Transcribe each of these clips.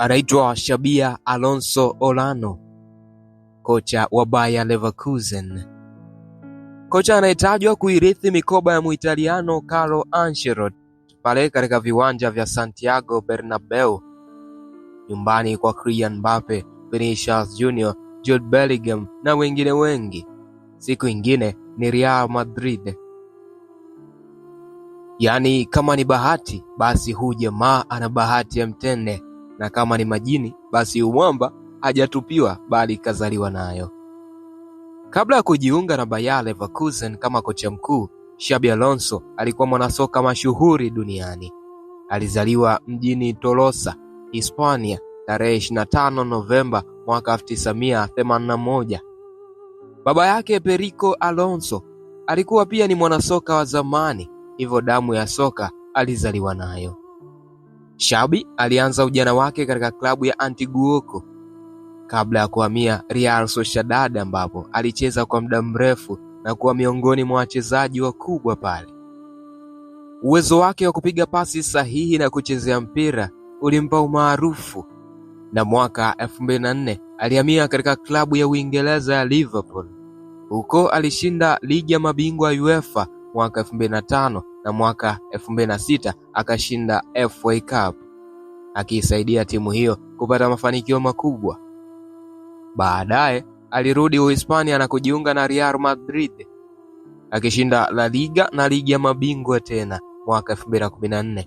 anaitwa Shabia Alonso Olano, kocha wa Bayer Leverkusen, kocha anayetajwa kuirithi mikoba ya Muitaliano Carlo Ancelotti pale katika viwanja vya Santiago Bernabeu, nyumbani kwa Kylian Mbappe, Vinicius Junior, Jude Bellingham na wengine wengi. Siku ingine ni Real Madrid. Yaani, kama ni bahati, basi huu jamaa ana bahati ya mtende na kama ni majini, basi Umwamba hajatupiwa bali kazaliwa nayo. Kabla ya kujiunga na Bayer Leverkusen kama kocha mkuu, Xabi Alonso alikuwa mwanasoka mashuhuri duniani. Alizaliwa mjini Tolosa, Hispania tarehe 25 Novemba mwaka 1981. Baba yake Perico Alonso alikuwa pia ni mwanasoka wa zamani, hivyo damu ya soka alizaliwa nayo shabi alianza ujana wake katika klabu ya antiguoko kabla ya kuhamia Real Sociedad ambapo alicheza kwa muda mrefu na kuwa miongoni mwa wachezaji wakubwa pale. Uwezo wake wa kupiga pasi sahihi na kuchezea mpira ulimpa umaarufu na mwaka 2004 alihamia katika klabu ya Uingereza ya Liverpool. Huko alishinda ligi ya mabingwa ya UEFA mwaka 2005 na mwaka elfu mbili na sita akashinda FA Cup akiisaidia timu hiyo kupata mafanikio makubwa. Baadaye alirudi Uhispania na kujiunga na Real Madrid akishinda La Liga na ligi ya mabingwa tena mwaka 2014.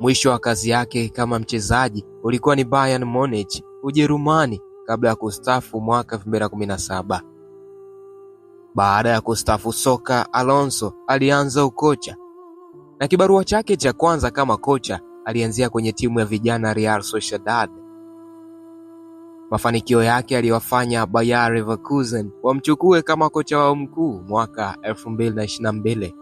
Mwisho wa kazi yake kama mchezaji ulikuwa ni Bayern Munich, Ujerumani kabla ya kustafu mwaka 2017. Baada ya kustafu soka Alonso alianza ukocha na kibarua chake cha kwanza kama kocha alianzia kwenye timu ya vijana Real Sociedad. Mafanikio yake aliwafanya Bayer Leverkusen wamchukue kama kocha wao mkuu mwaka 2022.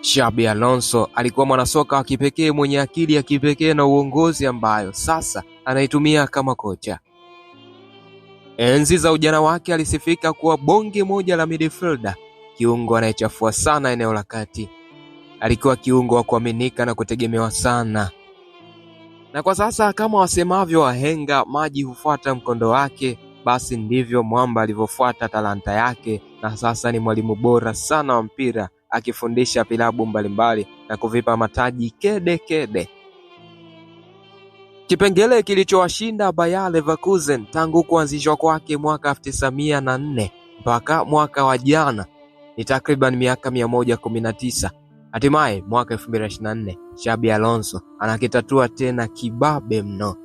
Xabi Alonso alikuwa mwanasoka wa kipekee mwenye akili ya kipekee na uongozi ambayo sasa anaitumia kama kocha. Enzi za ujana wake alisifika kuwa bonge moja la midfielder, kiungo anayechafua sana eneo la kati. Alikuwa kiungo wa kuaminika na kutegemewa sana, na kwa sasa kama wasemavyo wahenga, maji hufuata mkondo wake. Basi ndivyo mwamba alivyofuata talanta yake, na sasa ni mwalimu bora sana wa mpira, akifundisha vilabu mbalimbali na kuvipa mataji kede kede. Kipengele kilichowashinda Bayer Leverkusen tangu kuanzishwa kwake mwaka 1904 mpaka mwaka wa jana ni takriban miaka 119 Hatimaye mwaka 2024 Xabi Alonso anakitatua tena kibabe mno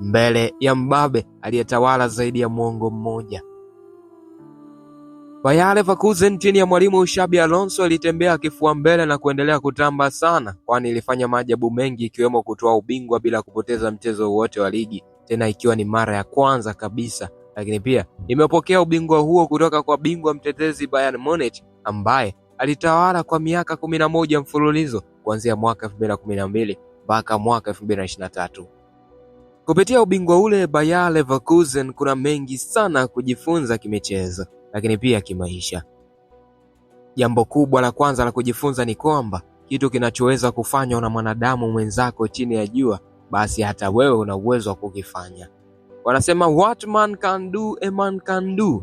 mbele ya mbabe aliyetawala zaidi ya mwongo mmoja. Vayale Leverkusen chini ya mwalimu Xabi Alonso ilitembea kifua mbele na kuendelea kutamba sana kwani ilifanya maajabu mengi ikiwemo kutoa ubingwa bila kupoteza mchezo wote wa ligi tena ikiwa ni mara ya kwanza kabisa, lakini pia imepokea ubingwa huo kutoka kwa bingwa mtetezi Bayern Munich ambaye alitawala kwa miaka 11 mfululizo kuanzia mwaka 2012 mpaka mwaka 2023. Kupitia ubingwa ule Bayer Leverkusen kuna mengi sana kujifunza kimichezo lakini pia kimaisha. Jambo kubwa la kwanza la kujifunza ni kwamba kitu kinachoweza kufanywa na mwanadamu mwenzako chini ya jua, basi hata wewe una uwezo wa kukifanya. Wanasema what man can do, a man can do.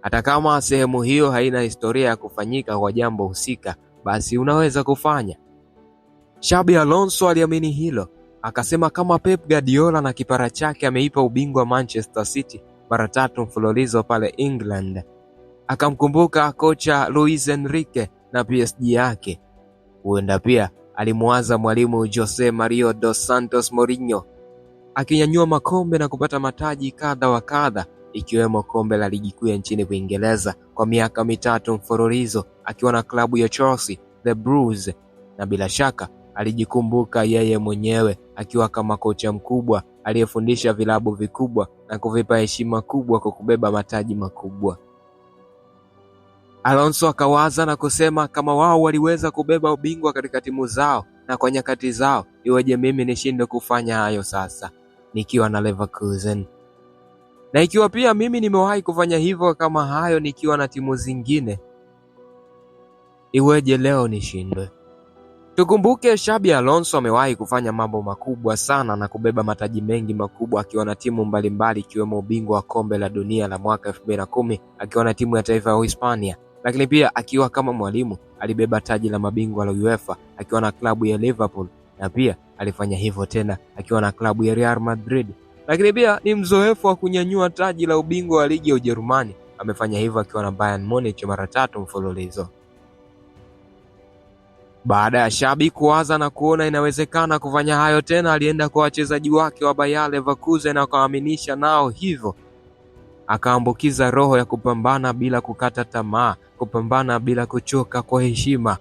Hata kama sehemu hiyo haina historia ya kufanyika kwa jambo husika, basi unaweza kufanya. Xabi Alonso aliamini hilo, akasema kama Pep Guardiola na kipara chake ameipa ubingwa Manchester City, mara tatu mfululizo pale England. Akamkumbuka kocha Luis Enrique na PSG yake. Huenda pia alimwaza mwalimu Jose Mario Dos Santos Mourinho akinyanyua makombe na kupata mataji kadha wa kadha ikiwemo kombe la ligi kuu ya nchini Uingereza kwa miaka mitatu mfululizo akiwa na klabu ya Chelsea, the Blues, na bila shaka alijikumbuka yeye mwenyewe akiwa kama kocha mkubwa aliyefundisha vilabu vikubwa na kuvipa heshima kubwa kwa kubeba mataji makubwa. Alonso akawaza na kusema kama wao waliweza kubeba ubingwa katika timu zao na kwa nyakati zao, iweje mimi nishindwe kufanya hayo sasa nikiwa na Leverkusen? Na ikiwa pia mimi nimewahi kufanya hivyo kama hayo nikiwa na timu zingine, iweje leo nishindwe? Tukumbuke Xabi Alonso amewahi kufanya mambo makubwa sana na kubeba mataji mengi makubwa akiwa na timu mbalimbali ikiwemo ubingwa wa kombe la dunia la mwaka 2010 akiwa na timu ya taifa ya Uhispania, lakini pia akiwa kama mwalimu alibeba taji la mabingwa la UEFA akiwa na klabu ya Liverpool na pia alifanya hivyo tena akiwa na klabu ya Real Madrid, lakini pia ni mzoefu wa kunyanyua taji la ubingwa wa ligi ya Ujerumani. Amefanya hivyo akiwa na Bayern Munich mara tatu mfululizo. Baada ya Xabi kuwaza na kuona inawezekana kufanya hayo tena alienda kwa wachezaji wake wa Bayer Leverkusen na kuaminisha nao hivyo akaambukiza roho ya kupambana bila kukata tamaa, kupambana bila kuchoka, kwa heshima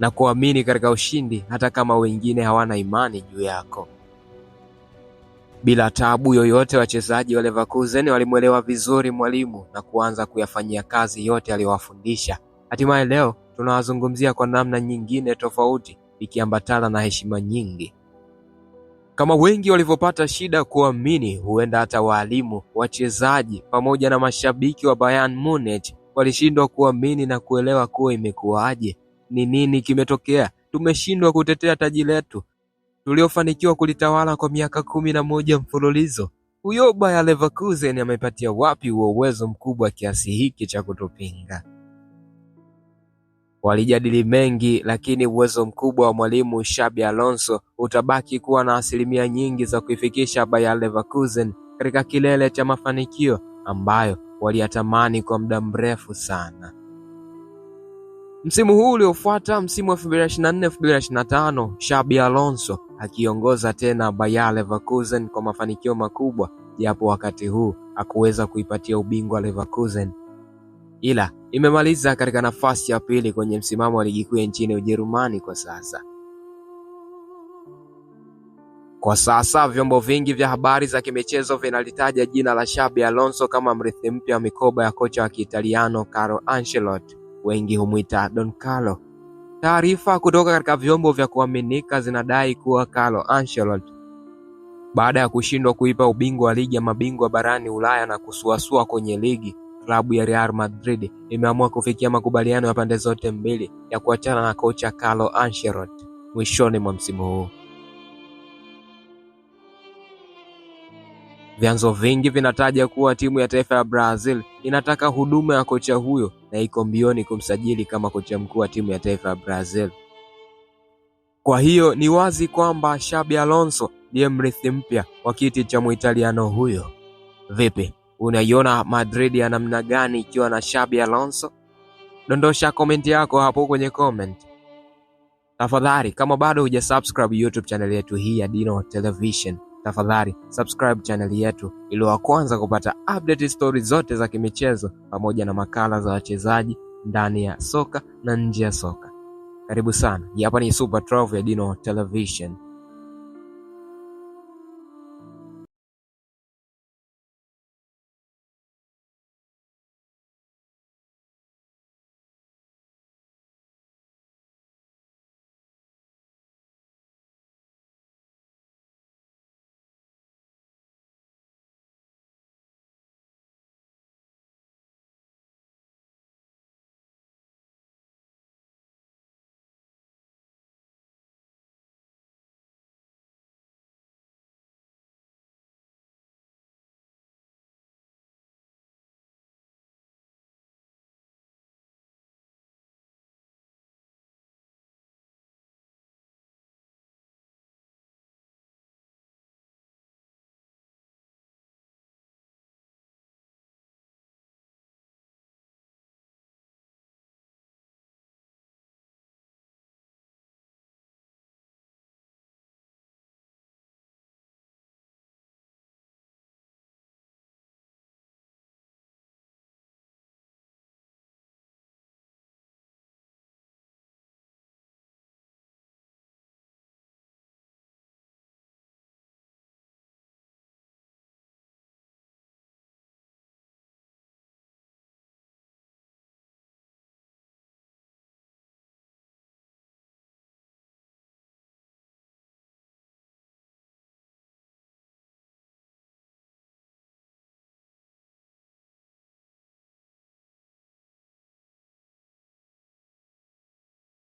na kuamini katika ushindi, hata kama wengine hawana imani juu yako. Bila tabu yoyote, wachezaji wa Leverkusen walimwelewa vizuri mwalimu na kuanza kuyafanyia kazi yote aliyowafundisha. Hatimaye leo tunawazungumzia kwa namna nyingine tofauti, ikiambatana na heshima nyingi. Kama wengi walivyopata shida kuamini, huenda hata waalimu, wachezaji pamoja na mashabiki wa Bayern Munich walishindwa kuamini na kuelewa kuwa imekuwaje, ni nini kimetokea. Tumeshindwa kutetea taji letu tuliofanikiwa kulitawala kwa miaka kumi na moja mfululizo. Huyo Bayer Leverkusen amepatia wapi huo uwezo mkubwa kiasi hiki cha kutupinga? Walijadili mengi lakini uwezo mkubwa wa mwalimu Xabi Alonso utabaki kuwa na asilimia nyingi za kuifikisha Bayer Leverkusen katika kilele cha mafanikio ambayo waliyatamani kwa muda mrefu sana. Msimu huu uliofuata, msimu wa 2024-2025, Xabi Alonso akiongoza tena Bayer Leverkusen kwa mafanikio makubwa, japo wakati huu hakuweza kuipatia ubingwa Leverkusen ila imemaliza katika nafasi ya pili kwenye msimamo wa ligi kuu nchini Ujerumani kwa sasa. Kwa sasa vyombo vingi vya habari za kimichezo vinalitaja jina la Xabi Alonso kama mrithi mpya wa mikoba ya kocha wa Kiitaliano Carlo Ancelotti, wengi humwita Don Carlo. Taarifa kutoka katika vyombo vya kuaminika zinadai kuwa Carlo Ancelotti baada ya kushindwa kuipa ubingwa wa ligi ya mabingwa barani Ulaya na kusuasua kwenye ligi klabu ya Real Madrid imeamua kufikia makubaliano ya pande zote mbili ya kuachana na kocha Carlo Ancelotti mwishoni mwa msimu huu. Vyanzo vingi vinataja kuwa timu ya taifa ya Brazil inataka huduma ya kocha huyo na iko mbioni kumsajili kama kocha mkuu wa timu ya taifa ya Brazil. Kwa hiyo ni wazi kwamba Xabi Alonso ndiye mrithi mpya wa kiti cha Muitaliano huyo. Vipi? unaiona Madrid ya namna gani ikiwa na Xabi Alonso? Dondosha komenti yako hapo kwenye comment. Tafadhali kama bado huja subscribe YouTube channel yetu hii ya Dino Television, tafadhali subscribe channel yetu ili wa kwanza kupata update story zote za kimichezo pamoja na makala za wachezaji ndani ya soka na nje ya soka. Karibu sana. hapa ni Super 12 ya Dino Television.